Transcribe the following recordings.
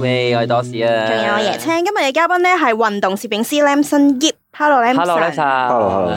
喂，我係多士啊！仲 有我椰青，今日嘅嘉賓咧係運動攝影師 Lampson Yip。Hello，Lampson。Hello，大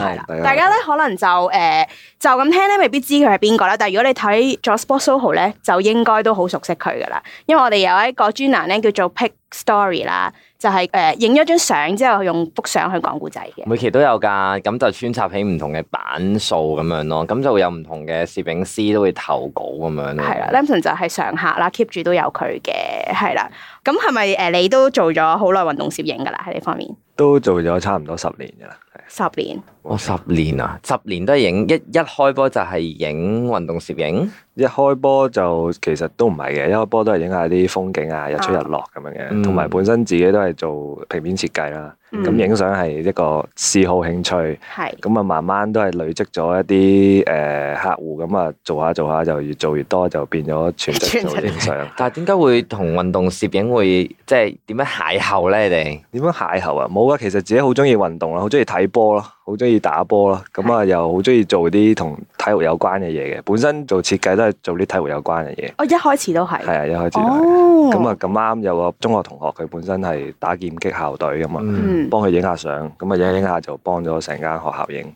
家。係啦，大家咧可能就誒、呃、就咁聽咧，未必知佢係邊個啦。但係如果你睇咗 Sportsoho 咧，就應該都好熟悉佢噶啦。因為我哋有一個專欄咧叫做 Pick。Story 啦，就係誒影咗張相之後用幅相去講故仔嘅。每期都有噶，咁就穿插起唔同嘅版數咁樣咯。咁就會有唔同嘅攝影師都會投稿咁樣咯。係啦，Lampson 就係常客啦，keep 住都有佢嘅，係啦。咁係咪誒你都做咗好耐運動攝影噶啦？喺呢方面都做咗差唔多十年噶啦。十年，我、哦、十年啊，十年都係影一一開波就係影運動攝影，一開波就其實都唔係嘅，一開波都係影下啲風景啊，日出日落咁樣嘅，同埋、嗯、本身自己都係做平面設計啦。咁影相係一個嗜好興趣，咁啊是慢慢都係累積咗一啲誒、呃、客戶，咁啊做下做下就越做越多，就變咗全職做影相。 的 但係點解會同運動攝影會即係點樣邂逅咧？你哋點樣邂逅啊？冇啊，其實自己好鍾意運動啦，好鍾意睇波咯。好中意打波咯，咁啊又好中意做啲同體育有關嘅嘢嘅，本身做設計都係做啲體育有關嘅嘢。我、哦、一開始都係，係啊一開始，都係。咁啊咁啱有個中學同學，佢本身係打劍擊校隊噶嘛，幫佢影下相，咁啊影影下就幫咗成間學校影。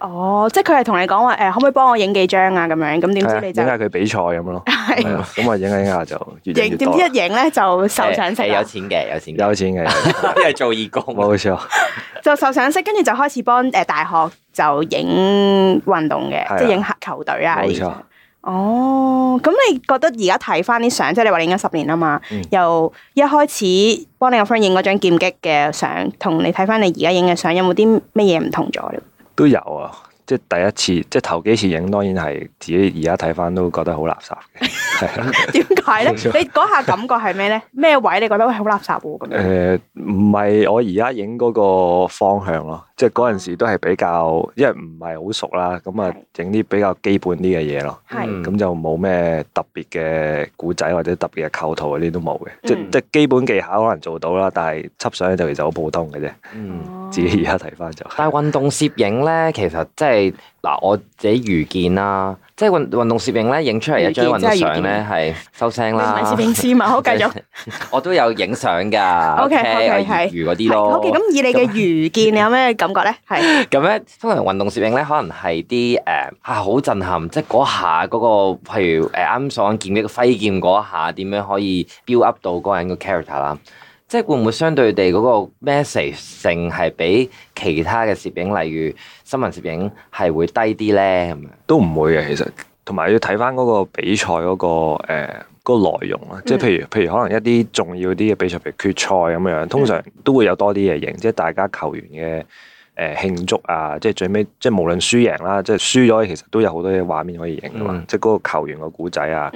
哦，即係佢係同你講話誒，可唔可以幫我影幾張啊？咁樣，咁點知你影下佢比賽咁咯，係咁啊，影下影下就影點知一影咧，就受賞識，有錢嘅，有錢嘅，有錢嘅，因為做義工冇錯錯， 就受賞識，跟住就開始幫誒大學就影運動嘅，即係影客球隊啊，冇錯 錯。哦，咁你覺得而家睇翻啲相，即係你話影咗十年啊嘛？由、嗯、一開始幫你個 friend 影嗰張劍擊嘅相，同你睇翻你而家影嘅相，有冇啲咩嘢唔同咗？都有啊。即係第一次，即係頭幾次影，當然係自己而家睇翻都覺得好垃圾嘅。係啊，點解咧？你嗰下感覺係咩咧？咩位你覺得喂好垃圾喎？唔係、呃、我而家影嗰個方向咯。即係嗰陣時都係比較，因為唔係好熟啦，咁啊，整啲比較基本啲嘅嘢咯。係是。咁、嗯、就冇咩特別嘅古仔或者特別嘅構圖嗰啲都冇嘅。即、嗯、即基本技巧可能做到啦，但係執相就其實好普通嘅啫。嗯。自己而家睇翻就係。嗯、但係運動攝影咧，其實即係。嗱，我自己愚見啦，即係運運動攝影咧，影出嚟一張運動相咧，係收聲啦。攝影師嘛，好繼續。 我都有影相噶，O K，我愚愚嗰啲咯。OK，咁以你嘅愚見， 你有咩感覺咧？係咁咧，通常運動攝影咧，可能係啲誒啊好震撼，即係嗰下嗰個，譬如誒啱想劍擊揮劍嗰下，點、啊、樣可以 build up 到嗰個人個 character 啦。即係會唔會相對地嗰個 message 性係比其他嘅攝影，例如新聞攝影係會低啲呢咁樣？都唔會嘅，其實同埋要睇翻嗰個比賽嗰個誒嗰個內容啊，即係譬如譬如可能一啲重要啲嘅比賽，譬如決賽咁樣，通常都會有多啲嘢影，即係大家球員嘅。誒慶祝啊！即係最尾，即係無論輸贏啦，即係輸咗，其實都有好多嘢畫面可以影㗎嘛。嗯、即係嗰個球員個故仔啊，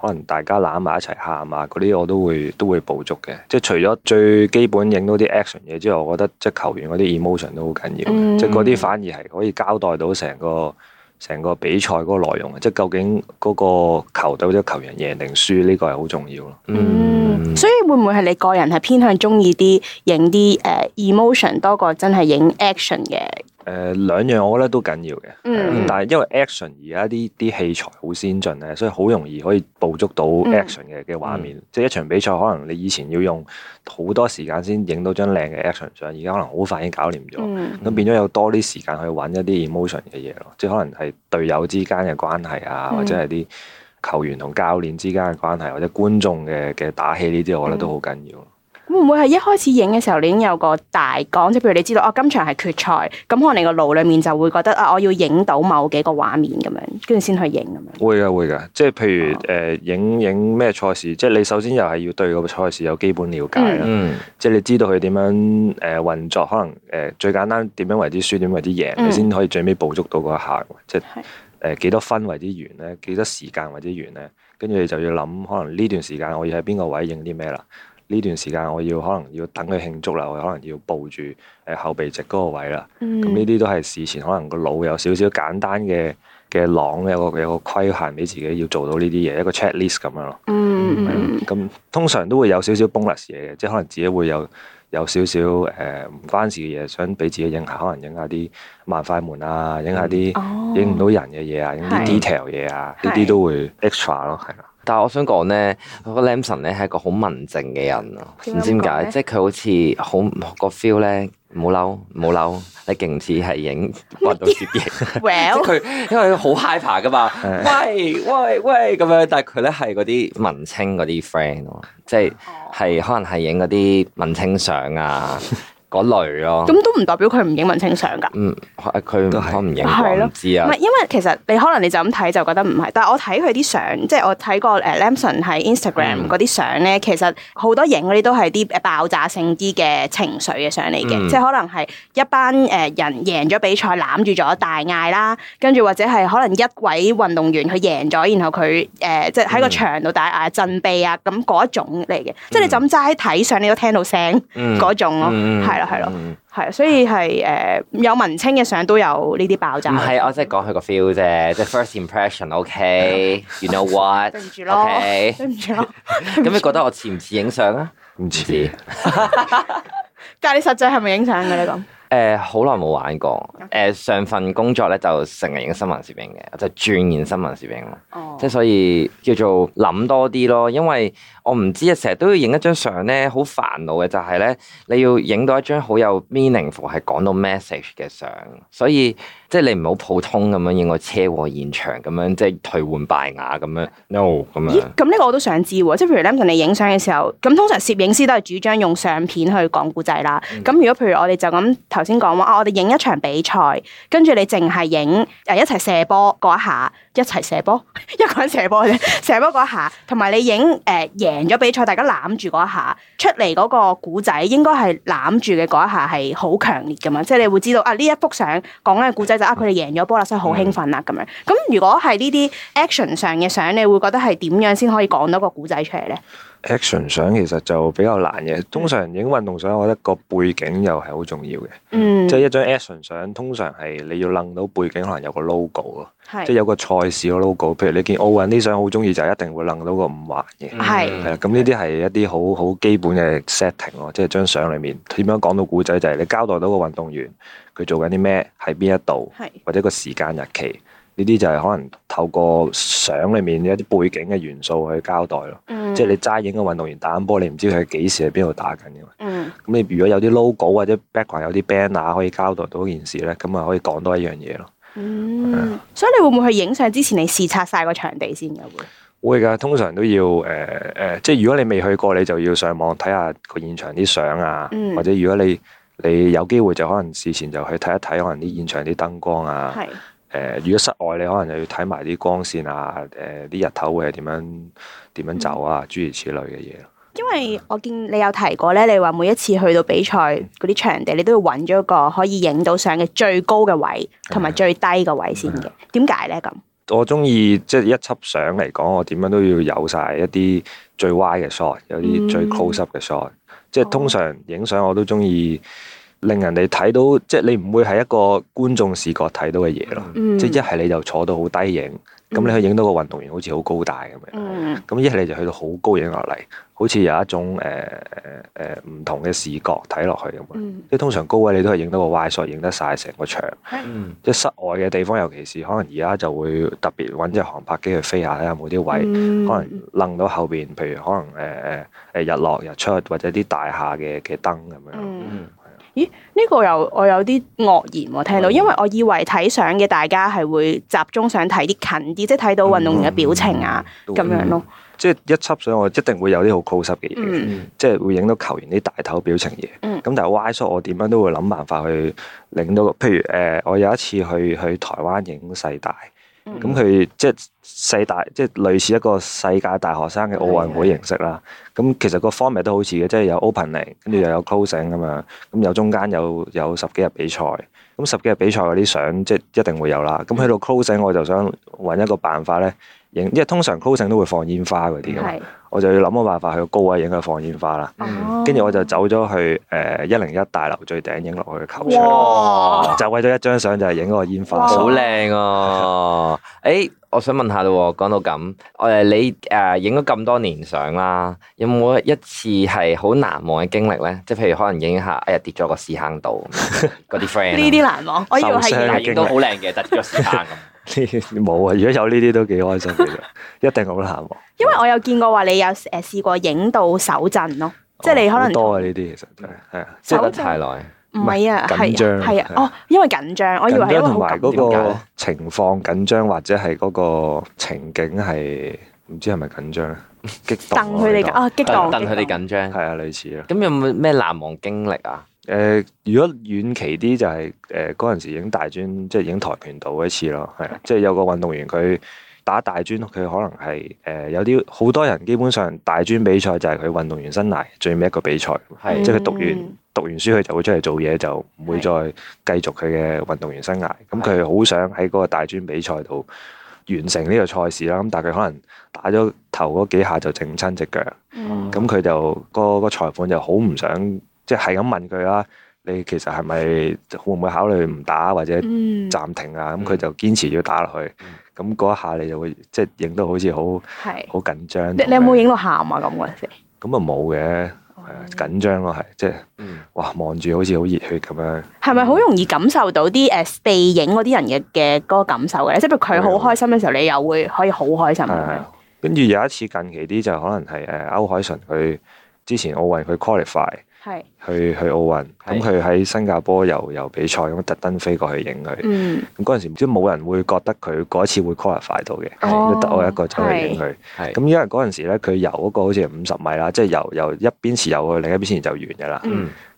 可能大家攬埋一齊喊啊，嗰啲我都會都會捕捉嘅。即係除咗最基本影到啲 action 嘢之外，我覺得即係球員嗰啲 emotion 都好緊要，嗯、即係嗰啲反而係可以交代到成個。成個比賽嗰個內容，即係究竟嗰個球隊，即係球員贏定輸，呢個係好重要咯。嗯，嗯，所以會唔會係你個人係偏向中意啲影啲誒 emotion 多過真係影 action 嘅？誒兩、呃、樣我覺得都緊要嘅，嗯、但係因為 action 而家啲啲器材好先進咧，所以好容易可以捕捉到 action 嘅嘅畫面。嗯、即係一場比賽，可能你以前要用好多時間先影到張靚嘅 action 相，而家可能好快已經搞掂咗。咁、嗯、變咗有多啲時間去揾一啲 emotion 嘅嘢咯。即係可能係隊友之間嘅關係啊，或者係啲球員同教練之間嘅關係，或者觀眾嘅嘅打氣呢啲，我覺得都好緊要。嗯會唔會係一開始影嘅時候你已經有個大綱？即係譬如你知道啊、哦，今場係決賽，咁可能你個腦裡面就會覺得啊、哦，我要影到某幾個畫面咁樣，跟住先去影咁樣。會㗎會㗎，即係譬如誒、哦呃、影影咩賽事？即係你首先又係要對個賽事有基本了解，嗯、即係你知道佢點樣誒運作，可能誒最簡單點樣為之輸，點為之贏，你先可以最尾捕捉到嗰一下。即係誒幾多分為之完咧？幾多時間為之完咧？跟住你就要諗，可能呢段時間我要喺邊個位影啲咩啦。呢段時間我要可能要等佢慶祝啦，我可能要報住誒後備席嗰個位啦。咁呢啲都係事前可能個腦有少少簡單嘅嘅廊，有個有個規限俾自己要做到呢啲嘢，一個 checklist 咁樣咯。嗯，咁、嗯、通常都會有少少 bonus 嘢嘅，即係可能自己會有有少少誒唔關事嘅嘢，想俾自己影下，可能影下啲慢快門啊，影下啲影唔到人嘅嘢啊，影啲、嗯哦、detail 嘢啊，呢啲都會 extra 咯，係啦。但係我想講咧，個 Lampson 咧係一個好文靜嘅人啊，唔知點解，即係佢好似好個 feel 咧，唔好嬲唔好嬲， 你勁似係影運動攝影， 即係佢因為好 hyper 噶嘛， 喂喂喂咁樣，但係佢咧係嗰啲文青嗰啲 friend，即係係可能係影嗰啲文青相啊。 嗰類咁都唔代表佢唔影文青相噶。嗯，佢都係唔影，我唔知啊。唔係，因為其實你可能你就咁睇就覺得唔係，但係我睇佢啲相，即係我睇過誒 Lampson 喺 Instagram 嗰啲相咧，其實好多影嗰啲都係啲爆炸性啲嘅情緒嘅相嚟嘅，即係可能係一班誒人贏咗比賽攬住咗大嗌啦，跟住或者係可能一位運動員佢贏咗，然後佢誒即係喺個場度大嗌，震臂啊咁嗰一種嚟嘅。即係你就咁齋睇相，你都聽到聲嗰種咯，係啦。係咯，係，所以係誒，有文青嘅相都有呢啲爆炸。唔係，我即係講佢個 feel 啫，即係 first impression，OK？You know what？對唔住咯，OK？對唔住咯。咁你覺得我似唔似影相啊？唔似。但係你實際係咪影相嘅？你講？誒，好耐冇玩過。誒、呃，上份工作咧就成日影新聞攝影嘅，就轉業新聞攝影咯。影哦，即係所以叫做諗多啲咯，因為我唔知啊，成日都要影一張相咧，好煩惱嘅就係、是、咧，你要影到一張好有 meaningful 係講到 message 嘅相，所以即係你唔好普通咁樣影個車禍現場咁樣，即係頹垣敗瓦咁樣。no 咁啊？咦，咁呢樣個我都想知喎。即係譬如你影相嘅時候，咁通常攝影師都係主張用相片去講故仔啦。咁、嗯、如果譬如我哋就咁。頭先講話啊，我哋影一場比賽，跟住你淨係影誒一齊射波嗰一下，一齊射波，一個人射波啫，射波嗰一下，同埋你影誒贏咗比賽，大家攬住嗰一下，出嚟嗰個古仔，應該係攬住嘅，嗰一下係好強烈㗎嘛，即係你會知道啊呢一幅相講緊嘅古仔就是、啊佢哋贏咗波啦，所以好興奮啦咁樣。咁、啊、如果係呢啲 action 上嘅相，你會覺得係點樣先可以講到個古仔出嚟咧？action 相其實就比較難嘅，通常影運動相，我覺得個背景又係好重要嘅。嗯，即係一張 action 相，通常係你要擸到背景，可能有個 logo 咯，是 即係有個賽事嘅 logo。譬如你見奧運啲相好中意，就一定會擸到個五環嘅。係、嗯是，咁呢啲係一啲好好基本嘅 setting 咯，即係張相裏面點樣講到古仔，就係你交代到個運動員佢做緊啲咩，喺邊一度，或者個時間日期。是 呢啲就係可能透過相裏面一啲背景嘅元素去交代咯，嗯、即係你齋影個運動員打緊波，你唔知佢幾時喺邊度打緊嘅。咁、嗯、你如果有啲 logo 或者 background 有啲 banner 可以交代到件事咧，咁啊可以講多一樣嘢咯。嗯，嗯所以你會唔會去影相之前你視察晒個場地先嘅會？會噶，通常都要誒誒、呃呃，即係如果你未去過，你就要上網睇下個現場啲相啊，嗯、或者如果你你有機會就可能事前就去睇一睇可能啲現場啲燈光啊。係。誒，如果室外你可能又要睇埋啲光線啊，誒、呃、啲日頭會係點樣點樣走啊，嗯、諸如此類嘅嘢。因為我見你有提過咧，你話每一次去到比賽嗰啲、嗯、場地，你都要揾咗個可以影到相嘅最高嘅位同埋最低嘅位、嗯、先嘅。點解呢？咁，我中意即係一輯相嚟講，我點樣都要有晒一啲最歪嘅 shot，有啲最 close 嘅 shot。即係、嗯嗯、通常影相我都中意。令人哋睇到，即、就、係、是、你唔會係一個觀眾視覺睇到嘅嘢咯。嗯、即係一係你就坐到好低影，咁、嗯、你可以影到個運動員好似好高大咁樣。咁一係你就去到好高影落嚟，好似有一種誒誒唔同嘅視覺睇落去咁。即係、嗯、通常高位你都係影到個 wide shot，影得晒成個場。嗯、即係室外嘅地方，尤其是可能而家就會特別搵隻航拍機去飛下，睇下冇啲位、嗯、可能楞到後面，譬如可能誒誒誒日落日出或者啲大廈嘅嘅燈咁樣。咦？呢、呢個又我有啲愕然我聽到，因為我以為睇相嘅大家係會集中想睇啲近啲，即係睇到運動員嘅表情啊，咁、嗯嗯、樣咯、嗯。即係一輯相，我一定會有啲好 close 嘅嘢，嗯、即係會影到球員啲大頭表情嘢。咁、嗯、但係 Y 叔、嗯，我點樣都會諗辦法去領到。譬如誒、呃，我有一次去去台灣影世大。咁佢、嗯、即係世大，即係類似一個世界大學生嘅奧運會形式啦。咁的其實個 format 都好似嘅，即係有 opening，跟住又有 closing 咁樣，咁有中間有有十幾日比賽。咁十幾日比賽嗰啲相即係一定會有啦。咁去到 closing，我就想搵一個辦法咧。因因為通常 closing 都會放煙花嗰啲咁，是我就要諗個辦法去高位影佢放煙花啦。跟住、啊、我就走咗去誒一零一大樓最頂影落去嘅球場，哇就為咗一張相就係影嗰個煙花，好靚哇所以 啊！誒、哎，我想問下啦，講到咁，誒你誒影咗咁多年相啦，有冇一次係好難忘嘅經歷咧？即係譬如可能影一下誒、哎、跌咗個屎坑度嗰啲 friend，呢啲難忘，我以為係影到好靚嘅，突出個屎坑咁。冇啊！如果有呢啲都幾開心嘅，一定好難忘喎。因為我有見過話你有誒試過影到手震咯，即係你可能多啊，呢啲其實係係啊，手得太耐唔係啊緊張係啊哦，因為緊張，我以為係因為同埋嗰個情況緊張或者係嗰個情景係唔知係咪緊張激動佢哋啊，激動佢哋緊張係啊類似啊。咁有冇咩難忘經歷啊？誒、呃，如果遠期啲就係誒嗰陣時影大專，即係影跆拳道一次咯，係即係有個運動員佢打大專，佢可能係誒、呃、有啲好多人基本上大專比賽就係佢運動員生涯最尾一個比賽，係是即係佢讀完、嗯、讀完書佢就會出嚟做嘢，就唔會再繼續佢嘅運動員生涯。咁佢好想喺嗰個大專比賽度完成呢個賽事啦，咁但係佢可能打咗頭嗰幾下就整親隻腳，咁佢、嗯、就、嗰個、嗰個裁判就好唔想。即係咁問佢啦，你其實係咪會唔會考慮唔打或者暫停啊？咁佢就堅持要打落去。咁嗰、嗯、一下你就會即係影到好似好，好是緊張。你有冇影過喊啊？咁嗰陣時，咁啊冇嘅，嗯、緊張咯，係即係，哇！望住好似好熱血咁樣。係咪好容易感受到啲誒被影嗰啲人嘅嘅嗰個感受嘅？嗯、即係佢好開心嘅時候，你又會可以好開心。跟住、嗯啊、有一次近期啲就可能係誒歐海純佢之前奧運佢 qualify 係的。去去奧運，咁佢喺新加坡遊遊比賽，咁特登飛過去影佢。嗯，咁嗰陣時唔知冇人會覺得佢嗰一次會 qualify 到嘅，得我一個走去影佢。咁因為嗰陣時咧，佢遊嗰個好似五十米啦，即係由遊一邊池遊，另一邊先就完嘅啦。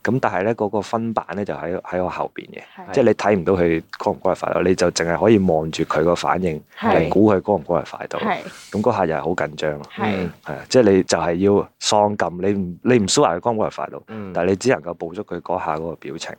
咁但係咧，嗰個分板咧就喺喺我後邊嘅，即係你睇唔到佢 qualify 到，你就淨係可以望住佢個反應嚟估佢 qualify 到。咁嗰下又係好緊張。係，即係你就係要喪撳，你唔你唔 sure 佢 qualify 到。但係你，只能夠捕捉佢嗰下嗰個表情，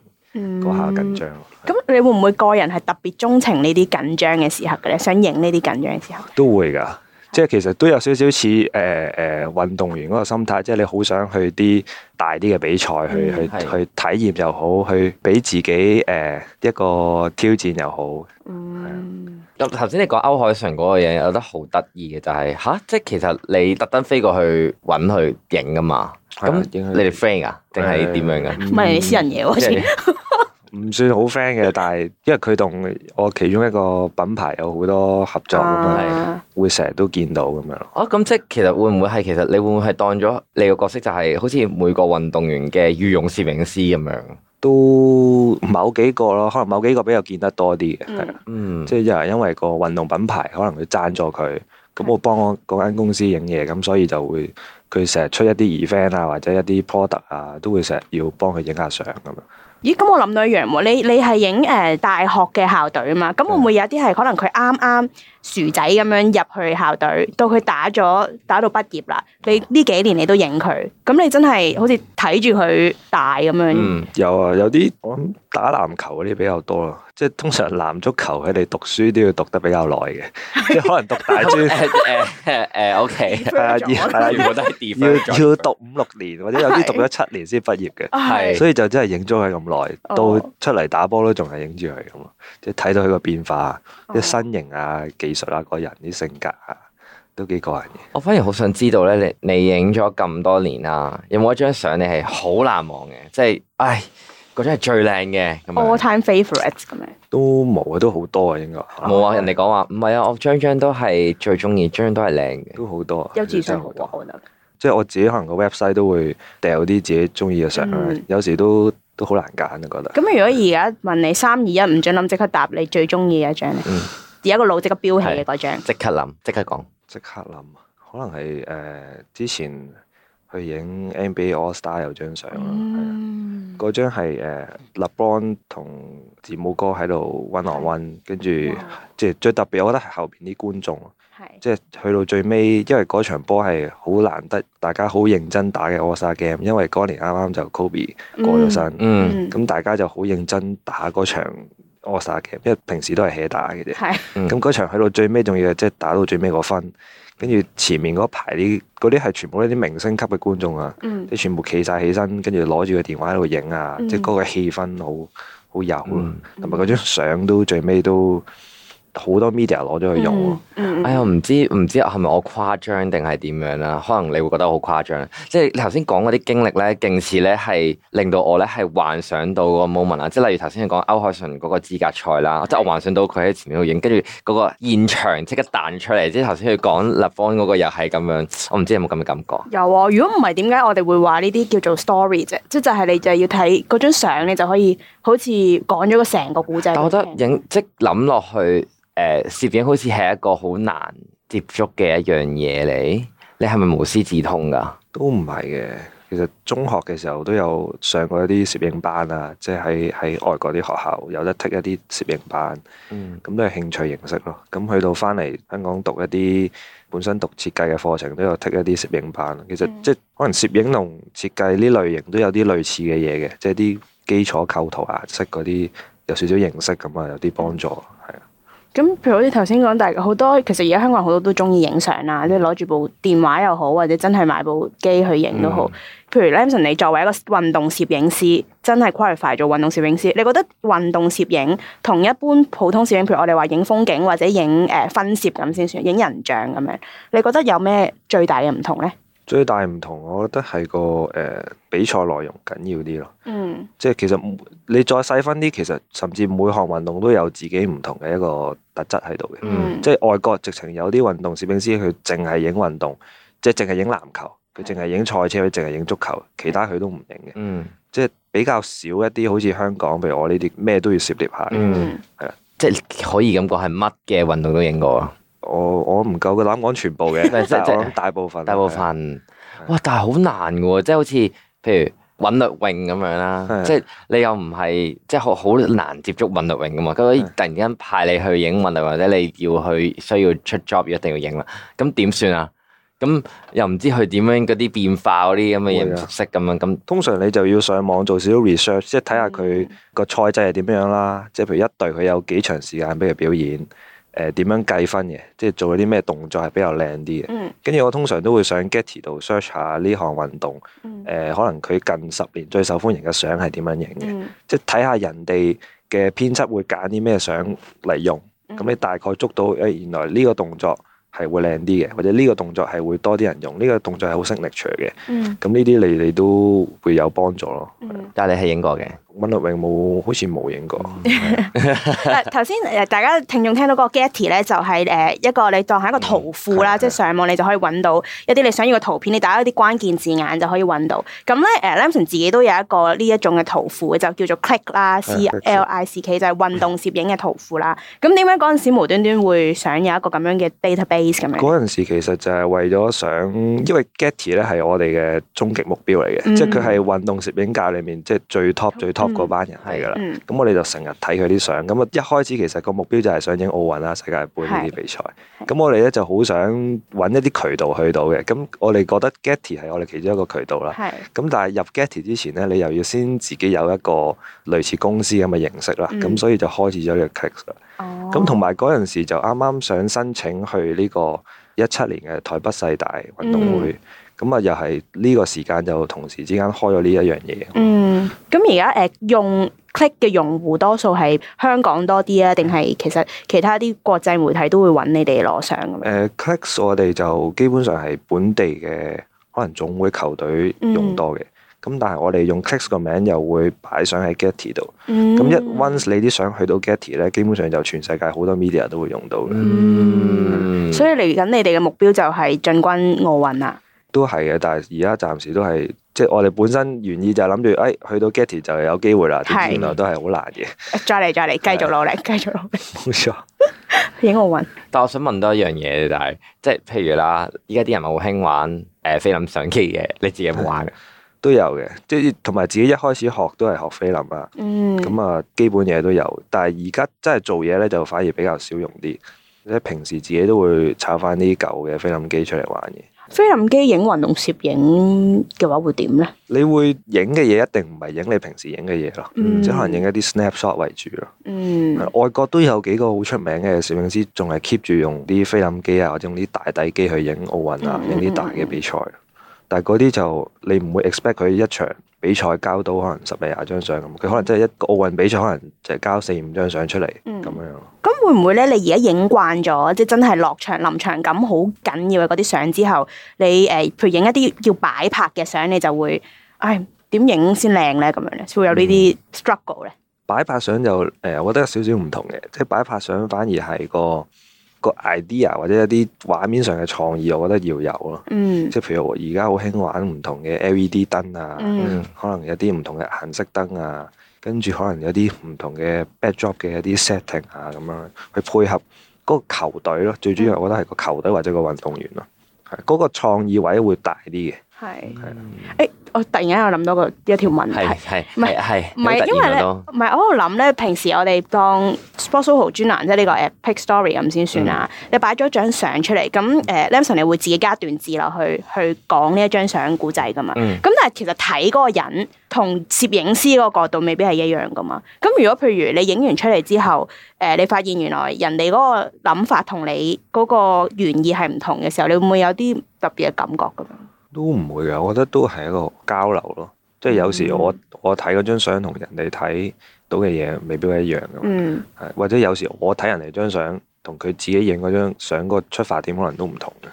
嗰下、嗯、緊張。咁你會唔會個人係特別鍾情呢啲緊張嘅時候嘅咧？想影呢啲緊張嘅時候都會㗎，好即係其實都有少少似誒誒運動員嗰個心態，即係你好想去啲大啲嘅比賽、嗯、去去是去體驗又好，去俾自己誒、呃、一個挑戰又好。嗯。咁頭先你講歐鎧淳嗰個嘢，有得好得意嘅就係、是、吓，即係其實你特登飛過去揾佢影㗎嘛。咁你哋 friend 噶，定係點樣噶？唔係私人嘢，好似，唔算好 friend 嘅，但係因為佢同我其中一個品牌有好多合作，咁係、啊、會成日都見到咁樣咯。啊，咁、哦、即係其實會唔會係？嗯、其實你會唔會係當咗你個角色就係好似每個運動員嘅御用攝影師咁樣？都某幾個咯，可能某幾個比較見得多啲嘅，係嗯，即係又係因為個運動品牌可能佢贊助佢，咁我幫我間公司影嘢，咁所以就會。佢成日出一啲 event 啊，或者一啲 product 啊，都會成日要幫佢影下相咁樣。咦？咁我諗到一樣喎，啊，你你係影誒大學嘅校隊啊嘛？咁會唔會有啲係可能佢啱啱薯仔咁樣入去校隊，到佢打咗打到畢業啦，你呢幾年你都影佢？咁你真係好似睇住佢大咁樣？有啊，嗯，有啲。有打籃球嗰啲比較多咯，即係通常籃足球佢哋讀書都要讀得比較耐嘅，即係可能讀大專誒誒，O K，係啊，係啊，要要讀五六年，或者有啲讀咗七年先畢業嘅，係，所以就真係影咗佢咁耐，到出嚟打波都仲係影住佢咁，即係睇到佢個變化，即身形啊、技術啊、個人啲性格啊，都幾過癮嘅。我反而好想知道咧，你你影咗咁多年啦，有冇一張相你係好難忘嘅？即係，唉。嗰張係最靚嘅，All time favorites 咁樣。都冇啊，都好多啊，應該。冇啊，人哋講話唔係啊，我張張都係最中意，張張都係靚嘅，都好多。優質相好多，我覺得。即係我自己可能個 website 都會掉啲自己中意嘅相，有時都都好難揀啊，覺得。咁如果而家問你三二一唔准諗，即刻答你最中意嘅張。嗯。而家個腦即刻飆起嘅嗰張。即刻諗，即刻講，即刻諗。可能係誒之前，去影 NBA All Star 有張相咯，係啊、嗯，嗰張係誒勒布朗同字母哥喺度 one on one，跟住即係最特別，我覺得係後邊啲觀眾，是即係去到最尾，因為嗰場波係好難得，大家好認真打嘅 All Star game，因為嗰年啱啱就 Kobe 過咗身，咁、嗯嗯、大家就好認真打嗰場 All Star game，因為平時都係 hea 打嘅啫，咁嗰場去到最尾，仲要係即係打到最尾個分。跟住前面嗰排啲嗰啲係全部都啲明星級嘅觀眾啊，即、嗯、全部企晒起身，跟住攞住個電話喺度影啊，嗯、即係嗰個氣氛好好有，同埋嗰張相都最尾都。好多 media 攞咗去用咯，嗯嗯、哎呀唔知唔知係咪我誇張定係點樣啦？可能你會覺得我好誇張，即係你頭先講嗰啲經歷咧，勁似咧係令到我咧係幻想到個 moment 啊！即係例如頭先你講歐鎧淳嗰個資格賽啦，即係是我幻想到佢喺前面度影，跟住嗰個現場即刻彈出嚟。即係頭先佢講立邦嗰個又係咁樣，我唔知有冇咁嘅感覺。有啊！如果唔係點解我哋會話呢啲叫做 story 啫？即就係你就要睇嗰張相，你就可以好似講咗個成個古仔。但我覺得影即諗落去。誒、uh, 攝影好似係一個好難接觸嘅一樣嘢嚟，你係咪無師自通噶？都唔係嘅，其實中學嘅時候都有上過一啲攝影班啊，即係喺喺外國啲學校有得剔一啲攝影班，咁、嗯、都係興趣形式咯。咁去到翻嚟香港讀一啲本身讀設計嘅課程，都有剔一啲攝影班。其實、嗯、即係可能攝影同設計呢類型都有啲類似嘅嘢嘅，即係啲基礎構圖顏色嗰啲有少少認識咁啊，有啲幫助係啊。嗯咁譬如好似頭先講，大好多其實而家香港人好多都中意影相啊，即係攞住部電話又好，或者真係買部機去影都好。譬如 Lampson，你作為一個運動攝影師，真係 qualify 做運動攝影師，你覺得運動攝影同一般普通攝影，譬如我哋話影風景或者影誒分攝咁先算，影人像咁樣，你覺得有咩最大嘅唔同咧？最大唔同，我覺得係個誒、呃、比賽內容緊要啲咯。嗯，即係其實你再細分啲，其實甚至每項運動都有自己唔同嘅一個特質喺度嘅。嗯，即係外國直情有啲運動攝影師佢淨係影運動，即係淨係影籃球，佢淨係影賽車，佢淨係影足球，其他佢都唔影嘅。嗯，即係比較少一啲，好似香港譬如我呢啲咩都要涉獵下嘅。嗯，係啦的，即係可以咁講係乜嘅運動都影過。我我唔夠個膽講全部嘅，即係 大部分。大部分是哇，但係好難嘅喎，即係好似譬如韻律泳咁樣啦是的，即係你又唔係即係好好難接觸韻律泳噶嘛？咁突然間派你去影韻律，或者你要去需要出 job 一定要影啦，咁點算啊？咁又唔知佢點樣嗰啲變化嗰啲咁嘅唔熟悉咁樣咁。的那通常你就要上網做少少 research，即係睇下佢個賽制係點樣啦，即係譬如一隊佢有幾長時間俾佢表演。誒點、呃、樣計分嘅，即係做啲咩動作係比較靚啲嘅。跟住、嗯、我通常都會上 Getty 度 search 下呢項運動，誒、嗯呃、可能佢近十年最受歡迎嘅相係點樣影嘅，嗯、即係睇下人哋嘅編輯會揀啲咩相嚟用。咁、嗯、你大概捉到誒原來呢個動作係會靚啲嘅，或者呢個動作係會多啲人用，呢、這個動作係好識力場嘅。咁呢啲你你都會有幫助咯。嗯嗯、但係你係影過嘅。揾落去冇，好似冇影過。嗱、嗯，頭先誒大家聽眾聽到個 Getty 咧，就係誒一個你當係一個圖庫啦，嗯、即係上網你就可以揾到一啲你想要嘅圖片，你打一啲關鍵字眼就可以揾到。咁咧誒，Lampson 自己都有一個呢一種嘅圖庫就叫做 Click 啦，C-L-I-C-K，就係運動攝影嘅圖庫啦。咁點解嗰陣時無端端會想有一個咁樣嘅 database 咁樣？嗰陣時其實就係為咗想，因為 Getty 咧係我哋嘅終極目標嚟嘅，嗯、即係佢係運動攝影界裏面即係最 top 最 top。班人係噶啦，咁、嗯、我哋就成日睇佢啲相。咁啊，一開始其實個目標就係想影奧運啦、世界盃呢啲比賽。咁我哋咧就好想揾一啲渠道去到嘅。咁我哋覺得 Getty 係我哋其中一個渠道啦。咁是但係入 Getty 之前咧，你又要先自己有一個類似公司咁嘅形式啦。咁、嗯、所以就開始咗呢個 case 啦。咁同埋嗰陣時就啱啱想申請去呢個一七年嘅台北世大運動會。嗯咁啊，又係呢個時間就同時之間開咗呢一樣嘢。嗯，咁而家誒用 Click 嘅用戶多數係香港多啲啊，定係其實其他啲國際媒體都會揾你哋攞相嘅？誒、呃、Clicks 我哋就基本上係本地嘅，可能總會球隊用多嘅。咁、嗯、但係我哋用 Clicks 個名又會擺上喺 Getty 度。咁、嗯、一 once 你啲相去到 Getty 咧，基本上就全世界好多 media 都會用到嘅。嗯嗯、所以嚟緊你哋嘅目標就係進軍奧運啊！都係嘅，但係而家暫時都係，即係我哋本身原意就係諗住，誒、哎，去到 Getty 就有機會啦。係的，都係好難嘅。再嚟，再嚟，繼續努力，繼的續努力。冇沒錯，影好運。但係我想問多一樣嘢，就係、是，即係譬如啦，依家啲人咪好興玩誒，菲林相機嘅，你自己有冇玩？都有嘅，即係同埋自己一開始學都係學菲林啦。嗯。咁啊，基本嘢都有，但係而家真係做嘢咧，就反而比較少用啲。即係平時自己都會炒翻啲舊嘅菲林機出嚟玩嘅。菲林機影運動攝影嘅話會點呢？你會影嘅嘢一定唔係影你平時影嘅嘢咯，嗯、即可能影一啲 snapshot 為主咯。嗯、外國都有幾個好出名嘅攝影師，仲係 keep 住用啲菲林機啊，或者用啲大底機去影奧運啊，影啲、嗯嗯、大嘅比賽。嗯嗯嗯、但係嗰啲就你唔會 expect 佢一場。比賽交到可能十嚟廿張相咁，佢、嗯、可能真係一個奧運比賽，可能就係交四五張相出嚟咁、嗯、樣咁、嗯、會唔會咧？你而家影慣咗，即係真係落場臨場感好緊要嘅嗰啲相之後，你誒、呃、譬如影一啲叫擺拍嘅相，你就會，唉點影先靚咧咁樣咧？會有呢啲 struggle 咧、嗯？擺拍相就誒、呃，我覺得有少少唔同嘅，即係擺拍相反而係個。個 idea 或者一啲畫面上嘅創意，我覺得要有咯。嗯，即係譬如而家好興玩唔同嘅 LED 燈啊、mm. 嗯，可能有啲唔同嘅顏色燈啊，跟住可能有啲唔同嘅 backdrop 嘅一啲 setting 啊咁樣，去配合嗰個球隊咯。最主要我覺得係個球隊或者個運動員咯，係嗰、mm. 嗰個創意位會大啲嘅。係、mm. 的，係，誒。我突然間有諗到一個一條問題，唔係因為咧，唔係也我喺度諗咧。平時我哋當 Sportsoho 專欄即係 d、這、呢個 a pic story 咁先算啦。嗯、你擺咗張相出嚟，咁誒 Lampson 你會自己加一段字落去，去講呢一張相故仔噶嘛？咁、嗯、但係其實睇嗰個人同攝影師嗰個角度未必係一樣噶嘛。咁如果譬如你影完出嚟之後，誒、呃、你發現原來人哋嗰個諗法同你嗰個原意係唔同嘅時候，你會唔會有啲特別嘅感覺咁樣？都唔會嘅，我覺得都係一個交流咯，即係有時我、嗯、我睇嗰張相同人哋睇到嘅嘢未必係一樣嘅，係、嗯、或者有時我睇人哋張相同佢自己影嗰張相個出發點可能都唔同嘅，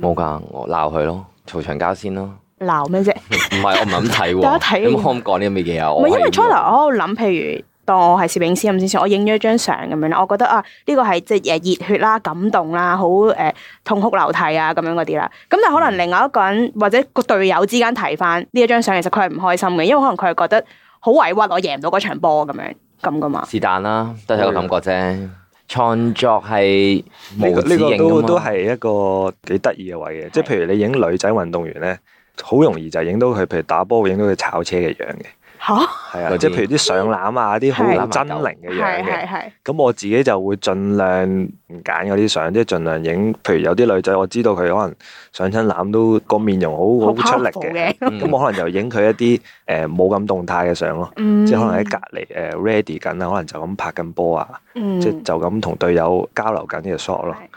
冇噶、嗯是，我鬧佢咯，嘈長交先咯，鬧咩啫？唔 係 我唔係咁睇喎，點解睇？有可唔講呢啲嘢啊？唔係因為初頭我諗，譬如。當我係攝影師咁先算，我影咗一張相咁樣我覺得啊，呢個係即係熱血啦、啊、感動啦、啊、好誒、呃、痛哭流涕啊咁樣嗰啲啦。咁但可能另外一個人或者個隊友之間睇翻呢一張相，其實佢係唔開心嘅，因為可能佢係覺得好委屈，我贏唔到嗰場波咁樣咁噶嘛。是但啦，都係個感覺啫。的創作係冇止境噶嘛。呢個都都係一個幾得意嘅位嘅，即係的譬如你影女仔運動員咧，好容易就影到佢，譬如打波會影到佢炒車嘅樣嘅。嚇！係啊哈，即係譬如啲上籃啊，啲好真靈嘅樣嘅。咁我自己就會盡量唔揀嗰啲相，即係盡量影。譬如有啲女仔，我知道佢可能上親籃都個面容好好出力嘅。咁、嗯、我可能就影佢一啲誒冇咁動態嘅相咯。嗯、即係可能喺隔離誒 ready 緊啊，可能就咁拍緊波啊，即係、嗯、就咁同隊友交流緊嘅 shot 咯。嗯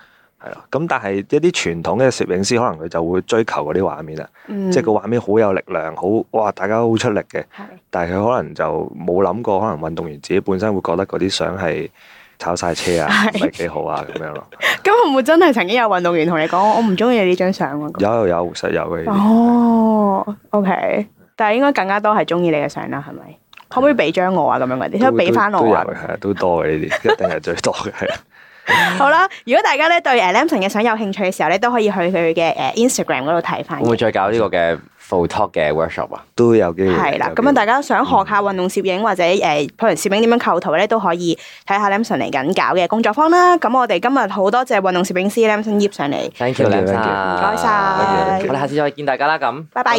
係咁，但係一啲傳統嘅攝影師可能佢就會追求嗰啲畫面啦，嗯、即係個畫面好有力量，好哇，大家好出力嘅。是但係佢可能就冇諗過，可能運動員自己本身會覺得嗰啲相係炒晒車啊，唔係幾好啊咁樣咯。咁會唔會真係曾經有運動員同你講，我唔中意呢張相啊？有有有，實有嘅。哦、oh，OK，但係應該更加多係中意你嘅相啦，係咪？可唔的可以俾張我啊？咁樣嗰啲，如果俾翻我啊？都都有都多嘅呢啲，一定係最多嘅係。 好啦，如果大家咧對誒 Lampson 嘅相有興趣嘅時候咧，都可以去佢嘅誒 Instagram 嗰度睇翻。會唔會再搞呢個嘅 full talk 嘅 workshop 啊？都會有嘅。係啦的，咁樣大家想學下運動攝影或者誒，可能攝影點樣構圖咧，都可以睇下 Lampson 嚟緊搞嘅工作坊啦。咁我哋今日好多謝運動攝影師 Lampson Yip 上嚟，thank you Lampson，多謝，我哋下次再見大家啦，咁，拜拜，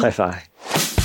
拜拜。